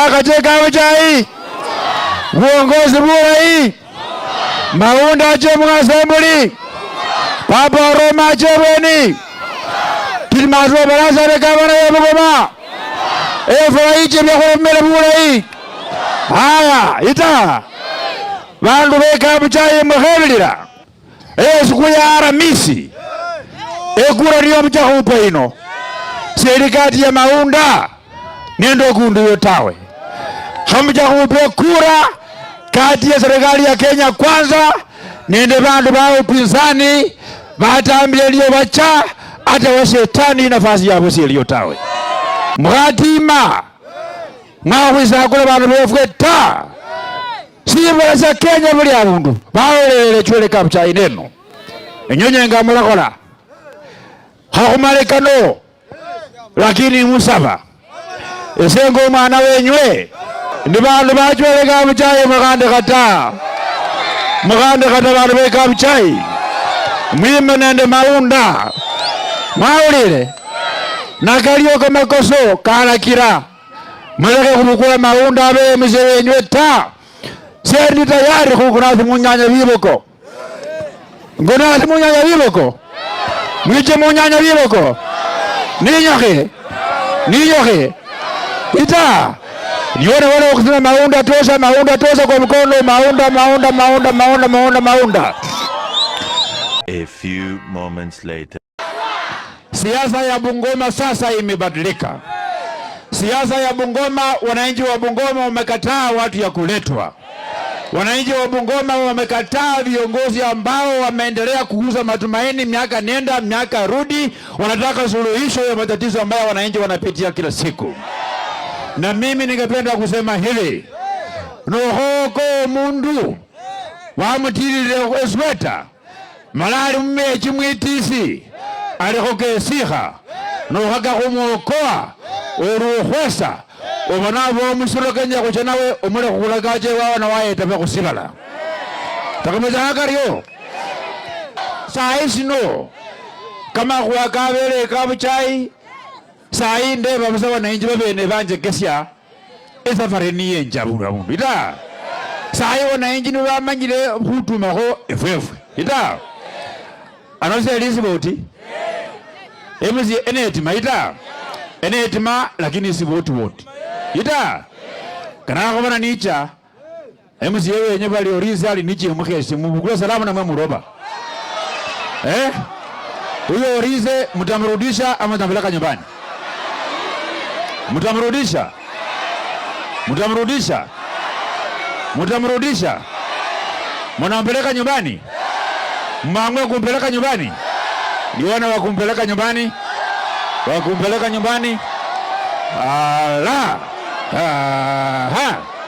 bora katika uchai, uongozi bora hii maunda chemwasembuli papa Roma chebweni tilimazwa baraza rekabana ya Bugoma efurahi chevyakhurumila bulayi haya ita bandu bekamuchai mukhebulila siku ya aramisi ekura niyo mchakupa ino serikati ya maunda nende kundu yotawe. tawe somja kuupiga kura kati ya serikali ya Kenya kwanza nende vandu va upinzani vatambile lio vacha ata washetani nafasi yavo silio tawe mwatima kula vandu vefwe ta sivala sya Kenya vuli avundu vawelele chweleka vuchai neno enyonyenga mulakhola khakhumalekano lakini musava esengo omwana wenywe nivandu bachweleka buchayi mukhande khata mukhande khata bandu beka buchayi mwime nende maunda mwaulile nakaliyoko makoso kalakira mulekhe khubukula maunda abele musebenywe ta sendi tayari khukunasi munyanya biboko ngunasi munyanya biboko mwiche munyanya biboko ninyokhe ninyokhe ita Nione wale wakisema Maunda tosha, Maunda tosha kwa mkono, Maunda, Maunda, Maunda, Maunda, Maunda, Maunda. A few moments later. Siasa ya Bungoma sasa imebadilika. Siasa ya Bungoma, wananchi wa Bungoma wamekataa watu ya kuletwa. Wananchi wa Bungoma wamekataa viongozi ambao wameendelea kuuza matumaini miaka nenda miaka rudi. Wanataka suluhisho ya matatizo ambayo wananchi wanapitia kila siku. Na mimi ningependa kusema hivi, nohoko mundu wamutilile esweta malali mumechi mwitisi alikho kesikha nokhaka khumwokoa ori ukhwesa oba navo musiro kenya khucha nawe omulekhe khulakache wawana nawayetabe khusilala takamezanga karyo sayi sino kamakhuwa kavere kabuchayi sai ndeba busa wananchi babene banjegesya esafari niye njabura bundu ita sai wananchi nibamanyile khutumakho efwefwe ita anose lisiboti emusi enetima ita enetima lakini e si ida kana ita kanakhobana nicha emuzi emusi yewenye bali orisali nichimukhesi mubukule salamu namwe muroba eh uyo orize mutamrudisha ama tampeleka nyumbani Mtamrudisha? Mtamrudisha? Mtamrudisha? Mnampeleka nyumbani? Mmeamua kumpeleka nyumbani? Niona wa kumpeleka nyumbani, wa kumpeleka nyumbani. Ala. Ah, Aha.